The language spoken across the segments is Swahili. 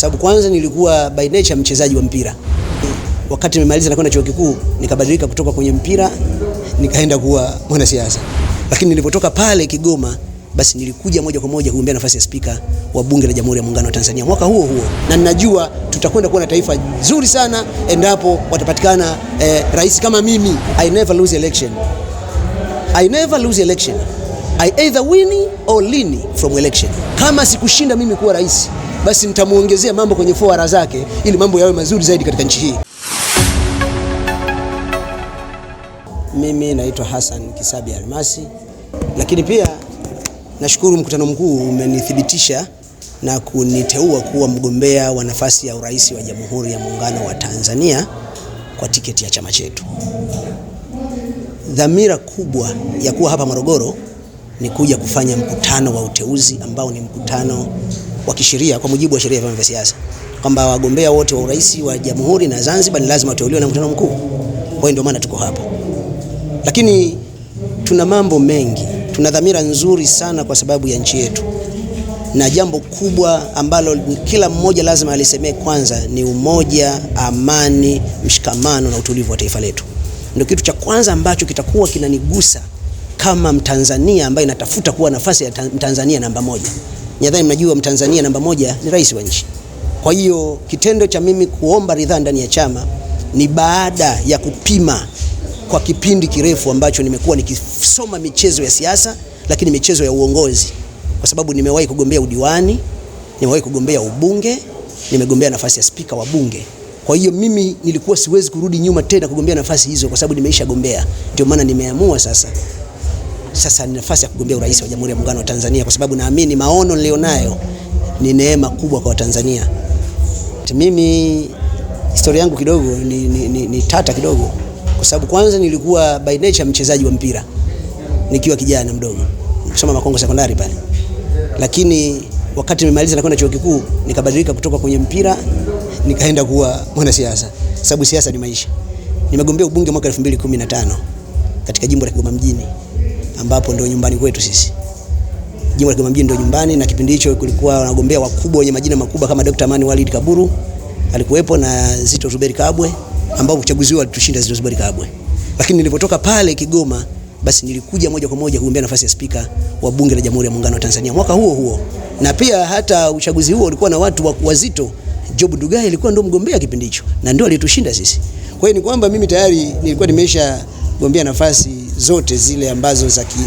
Sababu kwanza nilikuwa by nature mchezaji wa mpira. Wakati nimemaliza na kwenda chuo kikuu, nikabadilika kutoka kwenye mpira nikaenda kuwa mwanasiasa. Lakini nilipotoka pale Kigoma, basi nilikuja moja kwa moja kugombea nafasi ya spika wa bunge la Jamhuri ya Muungano wa Tanzania mwaka huo huo, na ninajua tutakwenda kuwa na taifa zuri sana endapo watapatikana eh, rais kama mimi. I never lose election. I never lose election. I either win or lean from election. Kama sikushinda mimi kuwa rais basi nitamuongezea mambo kwenye fora zake ili mambo yawe mazuri zaidi katika nchi hii. Mimi naitwa Hassan Kisabi Almasi, lakini pia nashukuru mkutano mkuu umenithibitisha na kuniteua kuwa mgombea wa nafasi ya urais wa Jamhuri ya Muungano wa Tanzania kwa tiketi ya chama chetu. Dhamira kubwa ya kuwa hapa Morogoro ni kuja kufanya mkutano wa uteuzi ambao ni mkutano wa kisheria kwa mujibu wa sheria ya vyama vya siasa kwamba wagombea wote wa urais wa Jamhuri na Zanzibar ni lazima wateuliwe na mkutano mkuu. Kwa hiyo ndio maana tuko hapa, lakini tuna mambo mengi, tuna dhamira nzuri sana kwa sababu ya nchi yetu, na jambo kubwa ambalo kila mmoja lazima alisemee kwanza ni umoja, amani, mshikamano na utulivu wa taifa letu. Ndio kitu cha kwanza ambacho kitakuwa kinanigusa kama Mtanzania ambaye natafuta kuwa nafasi ya Mtanzania namba moja nadhani mnajua Mtanzania namba moja ni rais wa nchi. Kwa hiyo kitendo cha mimi kuomba ridhaa ndani ya chama ni baada ya kupima kwa kipindi kirefu ambacho nimekuwa nikisoma michezo ya siasa, lakini michezo ya uongozi, kwa sababu nimewahi kugombea udiwani, nimewahi kugombea ubunge, nimegombea nafasi ya spika wa bunge. Kwa hiyo mimi nilikuwa siwezi kurudi nyuma tena kugombea nafasi hizo, kwa sababu nimeisha gombea Ndio maana nimeamua sasa sasa ni nafasi ya kugombea urais wa Jamhuri ya Muungano wa Tanzania, kwa sababu naamini maono nilionayo ni neema kubwa kwa Watanzania. Mimi historia yangu kidogo ni, ni, ni, ni tata kidogo, kwa sababu kwanza nilikuwa by nature mchezaji wa mpira nikiwa kijana mdogo nikisoma Makongo sekondari pale, lakini wakati nimemaliza na kwenda chuo kikuu nikabadilika kutoka kwenye mpira nikaenda kuwa mwanasiasa, sababu siasa ni maisha. Nimegombea ubunge mwaka 2015 katika jimbo la Kigoma mjini ambapo ndio nyumbani kwetu sisi. Jimbo la Kigoma mjini ndio nyumbani, na kipindi hicho kulikuwa wanagombea wakubwa wenye majina makubwa kama Dr. Amani Walid Kaburu alikuwepo na Zito Zuberi Kabwe, ambao uchaguzi walitushinda Zito Zuberi Kabwe. Lakini nilipotoka pale Kigoma, basi nilikuja moja kwa moja kugombea nafasi ya spika wa bunge la Jamhuri ya Muungano wa Tanzania mwaka huo huo, na pia hata uchaguzi huo ulikuwa na watu wazito. Job Ndugai alikuwa ndio mgombea kipindi hicho na ndio alitushinda sisi. Kwa hiyo ni kwamba mimi tayari nilikuwa nimesha gombea nafasi zote zile ambazo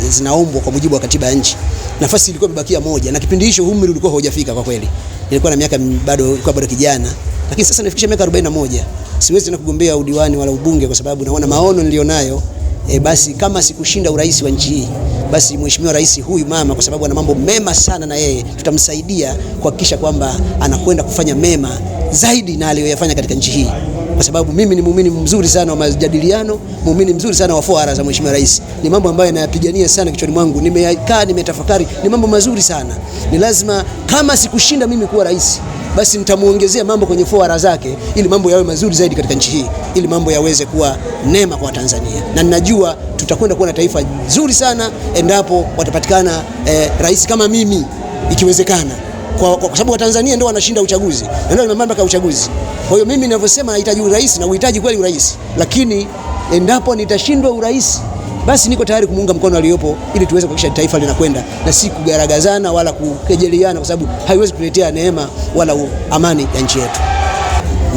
zinaombwa kwa mujibu wa katiba ya nchi. Nafasi ilikuwa imebakia moja, na kipindi hicho umri ulikuwa haujafika kwa kweli, nilikuwa na miaka bado, nilikuwa bado kijana, lakini sasa nafikisha miaka 41 siwezi na kugombea udiwani wala ubunge kwa sababu naona maono nilionayo E, basi kama sikushinda urais wa nchi hii basi mheshimiwa rais huyu mama, kwa sababu ana mambo mema sana, na yeye tutamsaidia kuhakikisha kwamba anakwenda kufanya mema zaidi na aliyoyafanya katika nchi hii kwa sababu mimi ni muumini mzuri sana wa majadiliano, muumini mzuri sana wa foara za Mheshimiwa Rais. Ni mambo ambayo yanayapigania sana kichwani mwangu, nimekaa nimetafakari, ni mambo mazuri sana. Ni lazima kama sikushinda mimi kuwa rais, basi nitamuongezea mambo kwenye foara zake, ili mambo yawe mazuri zaidi katika nchi hii, ili mambo yaweze kuwa neema kwa Tanzania, na ninajua tutakwenda kuwa na taifa zuri sana endapo watapatikana eh, rais kama mimi ikiwezekana kwa, kwa sababu Watanzania ndio wanashinda uchaguzi na ndio mamlaka ya uchaguzi. Kwa hiyo mimi ninavyosema nahitaji urais na uhitaji kweli urais, lakini endapo nitashindwa urais basi niko tayari kumuunga mkono aliyopo ili tuweze kuhakikisha taifa linakwenda na si kugaragazana wala kukejeliana, kwa sababu haiwezi kuletea neema wala amani ya nchi yetu.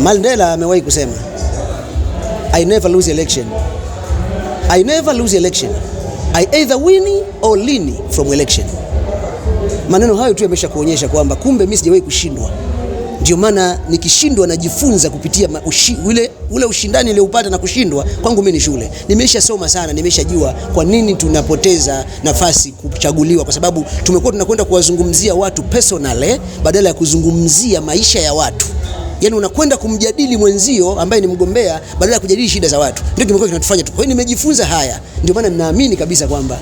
Mandela amewahi kusema I never lose election. I never lose election. I either win or lean from election. Maneno hayo tu yamesha kuonyesha kwamba kumbe mimi sijawahi kushindwa. Ndio maana nikishindwa najifunza kupitia ushi, ule, ule ushindani nilioupata na kushindwa kwangu mimi ni shule. Nimeshasoma sana, nimeshajua kwa nini tunapoteza nafasi kuchaguliwa, kwa sababu tumekuwa tunakwenda kuwazungumzia watu personally eh, badala ya kuzungumzia maisha ya watu. Yaani unakwenda kumjadili mwenzio ambaye ni mgombea badala ya kujadili shida za watu. Ndio kimekuwa kinatufanya tu. Kwa hiyo nimejifunza haya. Ndio maana ninaamini kabisa kwamba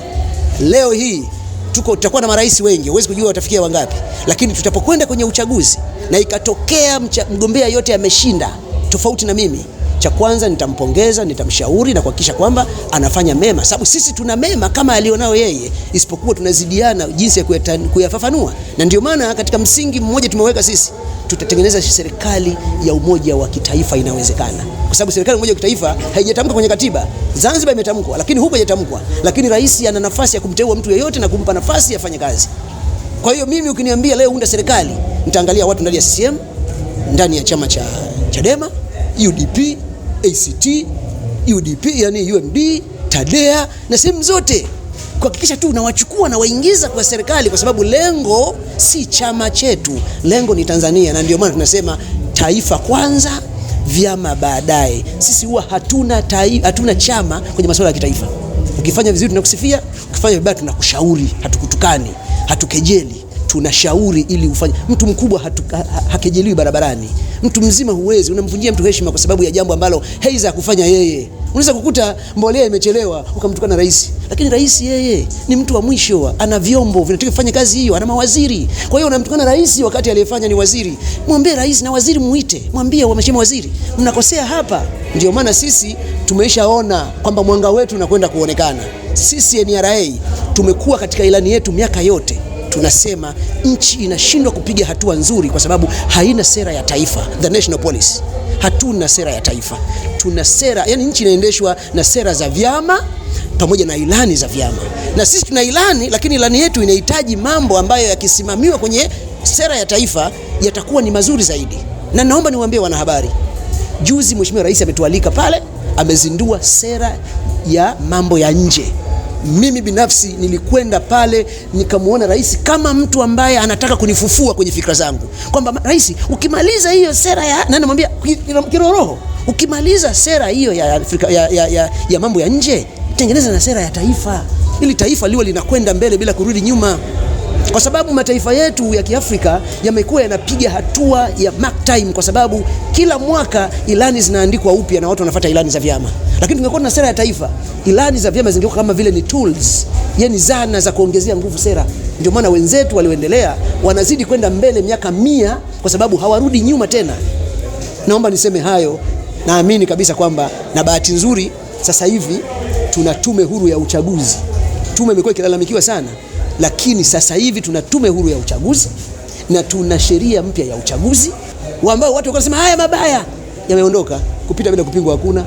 leo hii tuko tutakuwa na marais wengi, huwezi kujua watafikia wangapi, lakini tutapokwenda kwenye uchaguzi na ikatokea mgombea yote ameshinda tofauti na mimi, cha kwanza nitampongeza, nitamshauri na kuhakikisha kwamba anafanya mema, sababu sisi tuna mema kama alionao yeye, isipokuwa tunazidiana jinsi ya kuyafafanua, na ndio maana katika msingi mmoja tumeweka sisi tutatengeneza serikali ya umoja wa kitaifa inawezekana, kwa sababu serikali ya umoja wa kitaifa haijatamkwa kwenye katiba. Zanzibar imetamkwa, lakini huko haijatamkwa, lakini rais ana nafasi ya kumteua mtu yeyote na kumpa nafasi afanye kazi. Kwa hiyo mimi ukiniambia leo unda serikali, nitaangalia watu ndani ya CCM, ndani ya chama cha Chadema, UDP, ACT, UDP yani UMD, Tadea na sehemu zote kuhakikisha tu unawachukua na waingiza kwa serikali, kwa sababu lengo si chama chetu, lengo ni Tanzania. Na ndio maana tunasema taifa kwanza, vyama baadaye. Sisi huwa hatuna, hatuna chama kwenye masuala ya kitaifa. Ukifanya vizuri tunakusifia, ukifanya vibaya tunakushauri, hatukutukani, hatukejeli tunashauri ili ufanye. Mtu mkubwa hatu, ha, ha, hakejeliwi barabarani. Mtu mzima huwezi, unamvunjia mtu heshima kwa sababu ya jambo ambalo heiza kufanya yeye. Unaweza kukuta mbolea imechelewa ukamtukana rais, lakini rais yeye ni mtu wa mwisho, ana vyombo vinatakiwa kufanya kazi hiyo, ana mawaziri. Kwa hiyo unamtukana rais wakati aliyefanya ni waziri. Mwambie rais na waziri, muite mwambie, wameshema waziri, mnakosea hapa. Ndio maana sisi tumeshaona kwamba mwanga wetu unakwenda kuonekana. Sisi NRA tumekuwa katika ilani yetu miaka yote tunasema nchi inashindwa kupiga hatua nzuri kwa sababu haina sera ya taifa, the national policy. Hatuna sera ya taifa, tuna sera yani, nchi inaendeshwa na sera za vyama pamoja na ilani za vyama, na sisi tuna ilani, lakini ilani yetu inahitaji mambo ambayo yakisimamiwa kwenye sera ya taifa yatakuwa ni mazuri zaidi. Na naomba niwaambie wanahabari, juzi Mheshimiwa Rais ametualika pale, amezindua sera ya mambo ya nje. Mimi binafsi nilikwenda pale nikamwona rais kama mtu ambaye anataka kunifufua kwenye fikra zangu, kwamba rais, ukimaliza hiyo sera ya na namwambia kiroroho, ukimaliza sera hiyo ya, Afrika, ya, ya, ya, ya mambo ya nje, tengeneza na sera ya taifa ili taifa liwe linakwenda mbele bila kurudi nyuma kwa sababu mataifa yetu ya Kiafrika yamekuwa yanapiga hatua ya mark time, kwa sababu kila mwaka ilani zinaandikwa upya na watu wanafuata ilani za vyama. Lakini tungekuwa na sera ya taifa, ilani za vyama zingekuwa kama vile ni tools, yani zana za kuongezea nguvu sera. Ndio maana wenzetu walioendelea wanazidi kwenda mbele miaka mia, kwa sababu hawarudi nyuma tena. Naomba niseme hayo, naamini kabisa kwamba na bahati nzuri sasa hivi tuna tume huru ya uchaguzi. Tume imekuwa ikilalamikiwa sana lakini sasa hivi tuna tume huru ya uchaguzi na tuna sheria mpya ya uchaguzi ambao watu wanasema haya mabaya yameondoka, kupita bila kupingwa hakuna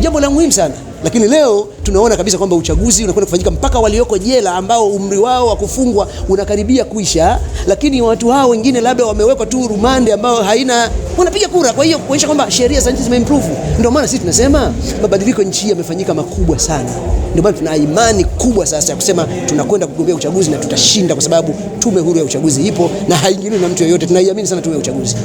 jambo la muhimu sana, lakini leo tunaona kabisa kwamba uchaguzi unakwenda kufanyika mpaka walioko jela ambao umri wao wa kufungwa unakaribia kuisha, lakini watu hao wengine labda wamewekwa tu rumande ambao haina, wanapiga kura. Kwa hiyo kuonyesha kwamba sheria za nchi zimeimprove. Ndio maana sisi tunasema mabadiliko nchi hii yamefanyika makubwa sana. Ndio maana tuna imani kubwa sasa ya kusema tunakwenda kugombea uchaguzi na tutashinda, kwa sababu tume huru ya uchaguzi ipo na haingiliwi na mtu yoyote Tunaiamini sana tume ya uchaguzi.